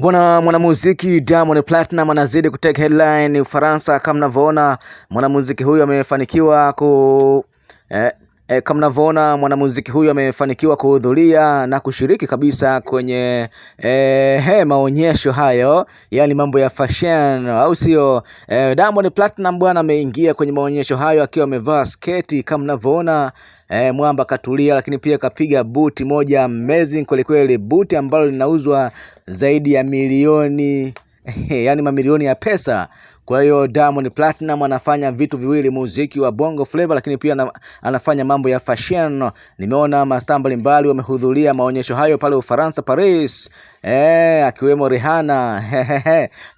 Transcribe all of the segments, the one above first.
Bwana mwanamuziki Diamond Platinum anazidi kuteka headline Ufaransa. Kama mnavyoona mwanamuziki huyu amefanikiwa ku eh, eh, kama mnavyoona mwanamuziki huyu amefanikiwa kuhudhuria na kushiriki kabisa kwenye eh, hey, maonyesho hayo, yani mambo ya fashion au sio? Eh, Diamond Platinum bwana ameingia kwenye maonyesho hayo akiwa amevaa sketi kama mnavyoona eh, mwamba katulia, lakini pia kapiga buti moja amazing kwelikweli, buti ambalo linauzwa zaidi ya milioni eh, yani mamilioni ya pesa. Kwa hiyo Diamond Platinum anafanya vitu viwili, muziki wa Bongo Flava, lakini pia anafanya mambo ya fashion. Nimeona mastaa mbalimbali wamehudhuria maonyesho hayo pale Ufaransa, Paris. Eh, akiwemo Rihanna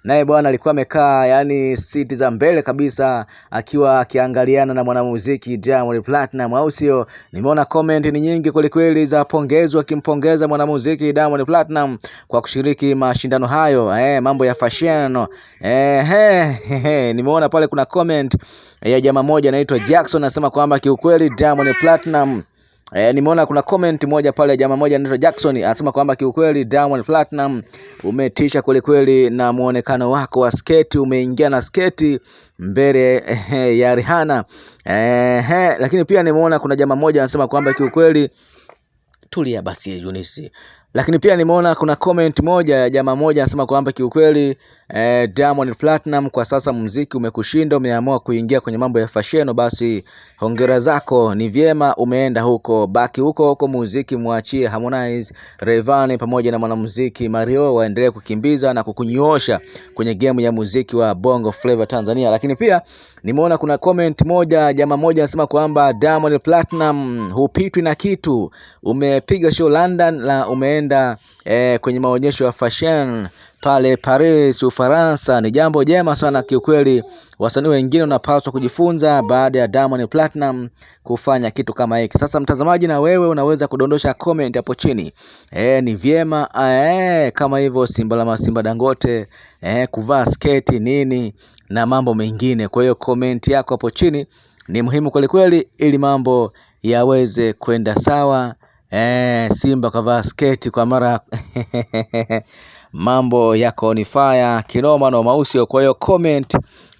naye bwana alikuwa amekaa yani siti za mbele kabisa, akiwa akiangaliana na mwanamuziki Diamond Platnumz, au sio? Nimeona comment ni nyingi kweli kweli za pongezi, wakimpongeza mwanamuziki Diamond Platnumz kwa kushiriki mashindano hayo, eh, mambo ya fashion e. Nimeona pale kuna comment ya jamaa moja anaitwa Jackson anasema kwamba kiukweli Diamond Platnumz Eh, nimeona kuna comment moja pale jamaa moja anaitwa Jackson anasema kwamba kiukweli Diamond Platinum umetisha kweli kweli na muonekano wako wa sketi, umeingia na sketi mbele eh, ya Rihanna eh, eh, lakini pia nimeona kuna jamaa moja anasema kwamba kiukweli tulia basi Yunisi. Lakini pia nimeona kuna comment moja ya jamaa moja anasema kwamba kiukweli eh, Diamond Platinum, kwa sasa muziki umekushinda, umeamua kuingia kwenye mambo ya fasheno, basi hongera zako, ni vyema umeenda huko, baki huko huko, muziki mwachie Harmonize, Rayvanny pamoja na mwanamuziki Mario waendelee kukimbiza na kukunyoosha kwenye gemu ya muziki wa Bongo Flava Tanzania. Lakini pia nimeona kuna comment moja, jamaa moja anasema kwamba Diamond Platinum hupitwi na kitu, umepiga show London na umeenda eh, kwenye maonyesho ya fashion pale Paris, Ufaransa. Ni jambo jema sana kiukweli. Wasanii wengine wanapaswa kujifunza baada ya Diamond Platinum kufanya kitu kama hiki. Sasa mtazamaji, na wewe unaweza kudondosha comment hapo chini e, ni vyema e, kama hivyo Simba la Simba Dangote e, kuvaa sketi nini na mambo mengine. Kwa hiyo comment yako hapo chini ni muhimu kweli, ili mambo yaweze kwenda sawa. E, Simba kavaa sketi kwa mara mambo yako on fire kinoma na mausio. Kwa hiyo comment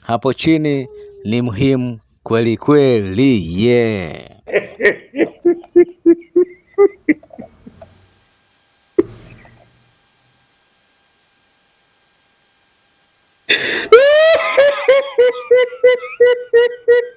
hapo chini ni muhimu kweli kweli, yeah.